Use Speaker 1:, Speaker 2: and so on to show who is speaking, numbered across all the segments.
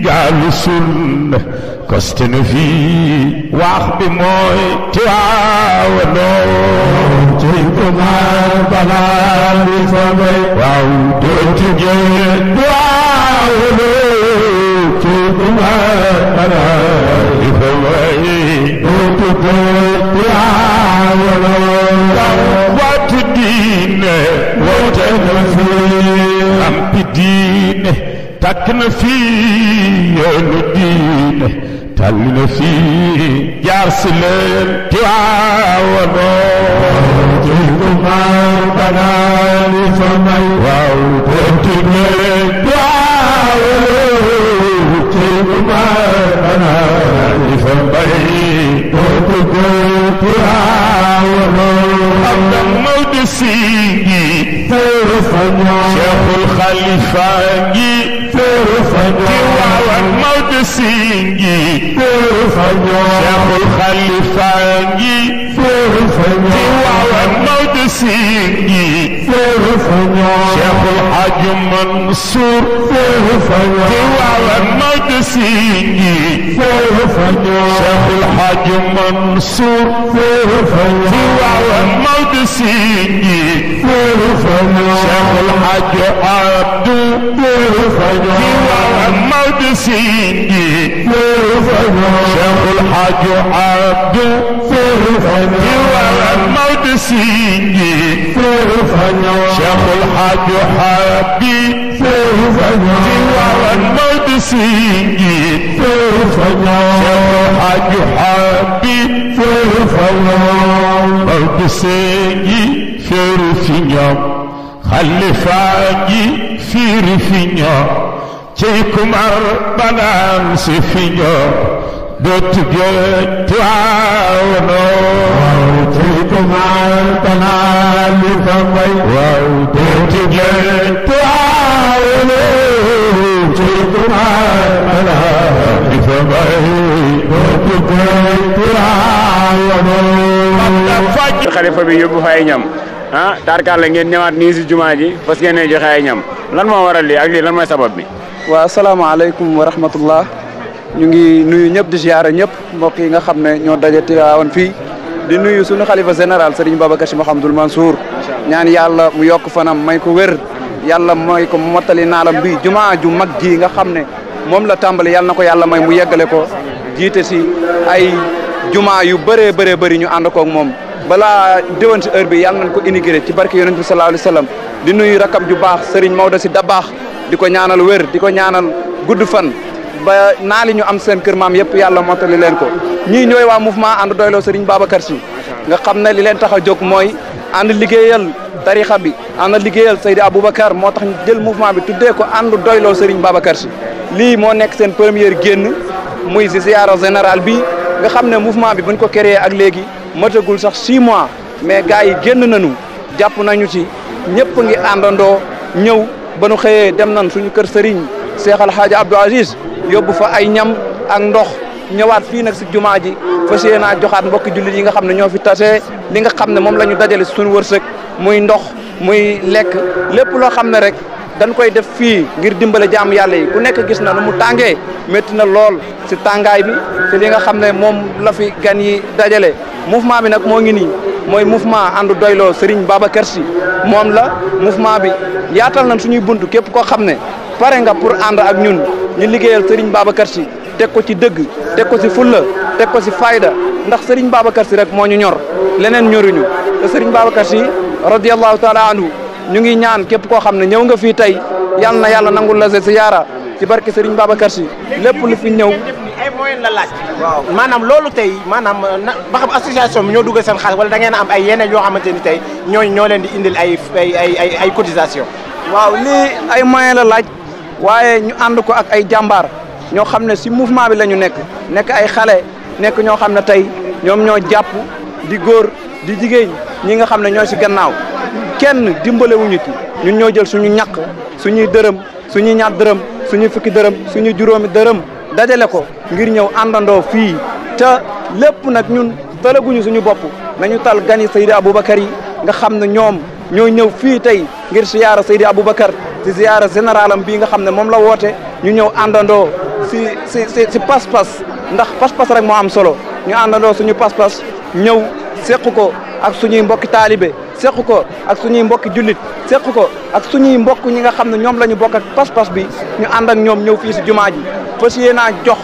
Speaker 1: gaalu sunna koste na fii wax bi mooy tiwaawanoo cey ko maar balaa bi fa may waaw dootu géer duwaawanoo cey ko maar balaa bi fa may dootu géer duwaawanoo takk na fii yoonu diine tàll na fii jaar si leen tiwaawanoo jëngu maam banaani fa may waaw konti leen tiwaawanoo jëngu maam banaani fa may konti leen tiwaawanoo am na mawdi sii ngi teeru fa ñoo cheikhul xalifa ngi وعمود سينجي شيخ الخلفانجي وعمود سينجي شيخ الحاج منصور وعمود سينجي شيخ الحاج منصور وعمود سينجي شيخ الحاج عبدو محمد سيدي شيخ الحاج عبد محمد سيدي شيخ الحاج حبي محمد سيدي شيخ الحاج حبي محمد سيدي في رفيع خلفاني في رفيع ci kumar banaan si fiño dootu géej waaw waaw ci kumar banaan li fa mbay waaw dootu géej kumar banaan li fa
Speaker 2: mbay dootu géej bi yóbbu fay ñam ah tarkaal la ngeen ñëwaat nii si jumaa ji fas ngeen joxe ay ñam lan moo waral lii ak lii lan mooy sabab bi
Speaker 3: waaw asalaamaaleykum wa rahmatullah ñu ngi nuyu ñëpp di ziara ñëpp mbokk yi nga xam ne ñoo daje Tiwaawan fii di nuyu suñu xalifa général Serigne Babacar Sy Mouhamadoul Mansour ñaan yàlla mu yokk fanam may ko wér yàlla may ko mottali naalam bi jumaa ju mag ji nga xam ne moom la tàmbali yàlla na ko yàlla may mu yeggale ko jiite si ay jumaa yu bëree bëree bëri ñu ànd koog moom balaa déwén si heure bi yàlla nañ ko inigré ci barke yonent bi salaahu alayhi wa di nuyu rakam ju baax Serigne Maodo si da baax di ko ñaanal wér di ko ñaanal gudd fan ba naa li ñu am seen kër maam yëpp yàlla mottali leen ko ñii ñooy waa mouvement ànd doyloo Serigne Babacar Sy nga xam ne li leen tax a jog mooy ànd liggéeyal tarixa bi ànd liggéeyal Seydi Aboubacar moo tax ñu jël mouvement bi tuddee ko ànd doyloo Serigne Babacar Sy lii moo nekk seen première génn muy si ziara général bi nga xam ne mouvement bi buñ ko créé ak léegi matagul sax si mois mais gars yi génn nañu jàpp nañu ci ñëpp ngi àndandoo ñëw ba nu xëyee dem nañ suñu kër sëriñ Cheikh Al Hadj Abdou Aziz yóbbu fa ay ñam ak ndox ñëwaat fii nag si jumaa ji fas yéene naa joxaat mbokki jullit yi nga xam ne ñoo fi tase li nga xam ne moom la ñu dajale suñu wërsëg muy ndox muy lekk lépp loo xam ne rek. dañ koy def fii ngir dimbale jaam yàlla yi ku nekk gis na nu mu tàngee métti na lool si tàngaay bi si li nga xam ne moom la fi gan yi dajale mouvement bi nag moo ngi nii mooy mouvement ànd doyloo Serigne Babacar Sy moom la mouvement bi yaatal nañ suñuy bunt képp koo xam ne pare nga pour ànd ak ñun ñu liggéeyal Serigne Babacar Sy teg ko ci dëgg te ko si fulla teg ko si fayda ndax sëriñ baba Sy rek moo ñu ñor leneen ñoruñu te Serigne Babacar Sy radiyallahu taala ñu ngi ñaan képp koo xam ne ñëw nga fii tey yal na yàlla nangul la si ziyaara ci barke ba ba Sy lépp lu fi ñëw.
Speaker 2: ay moyen la laaj. maanaam loolu tey maanaam na ba xam association ñoo dugg seen xaalis wala da ngeen a am ay yeneen yoo xamante ni tey ñooñu ñoo leen di indil ay ay ay ay cotisation waaw
Speaker 3: ay moyen la laaj waaye ñu ànd ko ak ay jàmbaar ñoo xam ne si mouvement bi la ñu nekk nekk ay xale nekk ñoo xam ne tey ñoom ñoo jàpp di góor di jigéen ñi nga xam ne ñoo si gannaaw. kenn dimbalewuñu ci ñun ñoo jël suñu ñàkk suñuy dërëm suñu ñaat dërëm suñuy fukki dërëm suñu juróomi dërëm dajale ko ngir ñëw àndandoo fii te lépp nag ñun talaguñu suñu bopp nañu tal gani Seydi Aboubacar yi nga xam ne ñoom ñoo ñëw fii tey ngir siyaara Seydi Aboubacar ci siyaara généralam bii nga xam ne moom la woote ñu ñëw àndandoo si si si si pas ndax pas rek moo am solo ñu àndandoo suñu pas-pas ñëw seq ko ak suñuy mbokki taalibe séq ko ak suñuy mbokk julit séq ko ak suñuy mbokk ñi nga xamne ñom lañu bokk ak pas-pas bi ñu and ak ñom ñew fi ci jumaa ji fas jox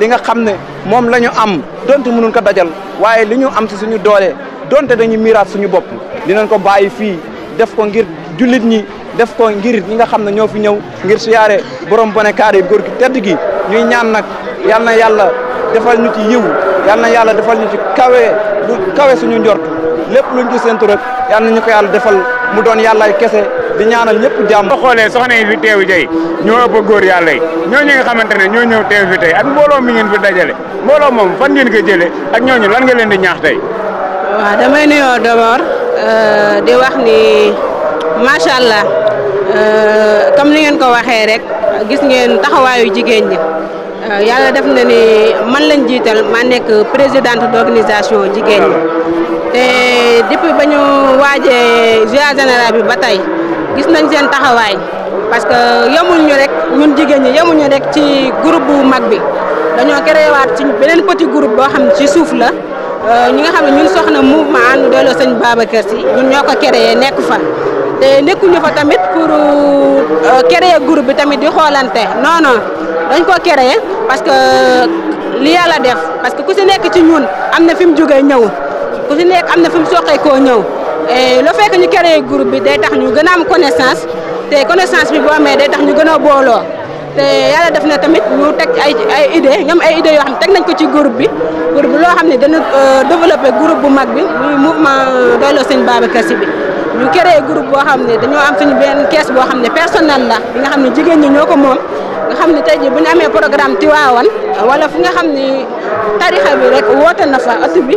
Speaker 3: li nga xamne mom lañu am donte mënuñ ko dajal waye liñu am ci suñu doole donte dañuy miiraat suñu bopp dinañ ko bayyi fi def ko ngir julit ñi def ko ngir ñi nga xamne ne ñoo fi ñëw ngir siyaré borom boné kaare gor gui tedd gi ñuy ñaan nak yalla yalla defal ñu ci yiw yalla yalla defal ñu ci kawe lu kawe suñu njort lépp luñ
Speaker 2: ci séntu rek yal nañu ko yàlla defal mu doon yàllaay kese di ñaanal ñëpp jàmm. boo xoolee soxna yi fi teew yi tey ñoo ëpp góor yàlla yi ñooñu nga xamante ne ñoo ñëw teew fi tey ak mbooloo mi ngeen fi dajale mbooloo moom fan ngeen ko jëlee ak ñooñu lan nga leen di ñaax tey.
Speaker 4: waa damay nuyoo d'abord euh, di wax ni macha allah euh, comme ni ngeen ko waxee rek gis ngeen taxawaayu jigéen ñi. Euh, yàlla def na ni man lañ jiital ma nekk président d'organisation jigéen te depuis ba ñu waajee juillet général bi ba tey gis nañ seen taxawaay parce que yemul ñu rek ñun jigéen ñi yemul ñu rek ci group bu mag bi dañoo créé ci beneen petit groupe boo xam ci suuf la euh, ñi nga xam ne ñun soxna mouvement ànd dooloo sëñ Babacar Sy ñun ñoo ko créé nekk fa te nekkuñu fa tamit pour euh, créer groupe bi tamit di xoolante non non dañ koo créé parce que euh, li yàlla def parce que ku si nekk ci ñun am na fi mu jógee ñëw ku nek amna am na ko ñew euh koo ñëw le fait que ñu créé groupe bi day tax ñu gëna am connaissance té connaissance bi boo amé day tax ñu gëna a té yalla yàlla def na tamit ñu teg ay ay idée ñoom ay idée yo xam ne nañ ko ci groupe bi pour lo xam dañu euh, développer développé groupe bu mag bi muy mouvement euh, doyloo sëñ Babacar Sy ñu créé groupe bo xam dañu am suñu ben caisse bo xam personnel la bi nga xam ne ñi ñoko ko nga xam tay tey jii bu ñu amee programme Tiwaawan wala fu nga xam tarixa bi rek woote na fa ëtt bi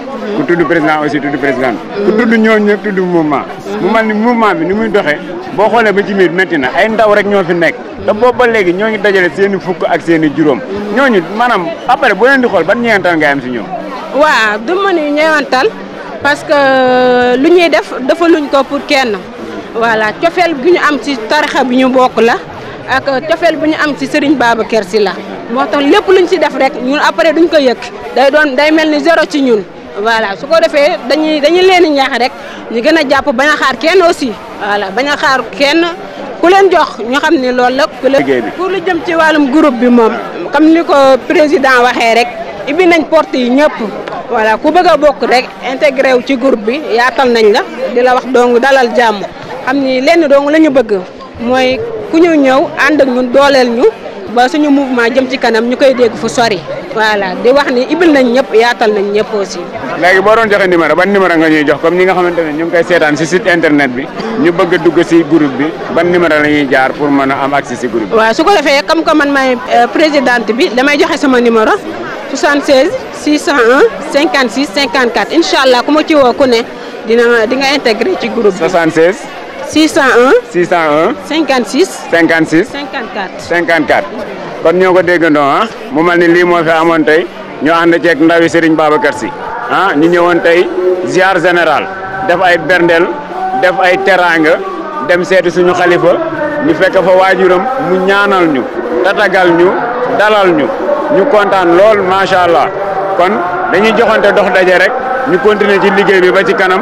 Speaker 4: ku
Speaker 2: tudd président aussi tudd président ku tudd ñooñu ñëpp tudd mouvement mu mel ni mouvement bi ni muy doxee boo xoolee ba ci biir métti na ay ndaw rek ñoo fi nekk te boobu ba léegi ñoo ngi dajale seen i fukk ak seen i juróom ñooñu maanaam après boo leen di xool ban ñeewantal nga am si ñoom
Speaker 4: waaw du ma ni ñeewantal parce que euh, lu ñuy def dafa luñ ko pour kenn voilà cofeel bi ñu am ci tarixa bi ñu bokk la ak euh, cofeel bi ñu am ci sëriñ Babacar si la moo tax lépp luñ ci def rek ñun après duñ ko yëg day doon day mel zéro ci ñun voilà su ko defee dañuy dañuy leen ñax rek ñu gën a jàpp bañ xaar kenn aussi voilà bañ a xaar kenn ku leen jox ñu xam ne loolu la. ku pour lu jëm ci wàllum groupe bi moom comme ni ko président waxee rek ibbi nañ porte ñëpp voilà ku bëgg a bokk rek intégré wu ci groupe bi yaatal nañ la di la wax dong dalal jàmm xam ni lenn dong lañu bëgg mooy ku ñu ñëw ànd ak ñun dooleel ñu ba suñu mouvement jëm ci kanam ñu koy dégg fu sori. voilà di wax ni ibil nañ ñëpp yaatal nañ ñëpp aussi.
Speaker 2: léegi boo doon joxe numéro ban numéro nga ñuy jox comme ñi nga xamante ne ñu ngi koy seetaan si site internet bi ñu bëgg a dugg si groupe bi ban numéro la ñuy jaar pour mën a am accès si groupe
Speaker 4: bi. waaw su ko defee comme que man maay euh, présidente bi damay joxe sama numéro 76 601 56 54 incha allah ku ma ci woo ku ne dina ma di nga intégré ci groupe bi. 76. 601. 601. 56. 56. 54. 54. kon ñoo
Speaker 2: ko déggandoo ah mu mel ni lii moo fi amoon tey ñu ànd ceeg ndawi Serigne Babacar Sy ah ñu ñëwoon tey ziar général def ay berndel def ay teraanga dem seeti suñu xalifa ñu fekk fa waajuram mu ñaanal ñu tatagal ñu dalal ñu ñu kontaan lool macha allah kon dañuy joxante dox daje rek ñu continuer ci liggéey bi ba ci kanam.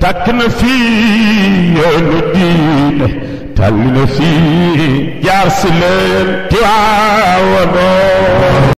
Speaker 1: takk na fii yoonu diine tàll na fii jaar si leen tiwaawanoo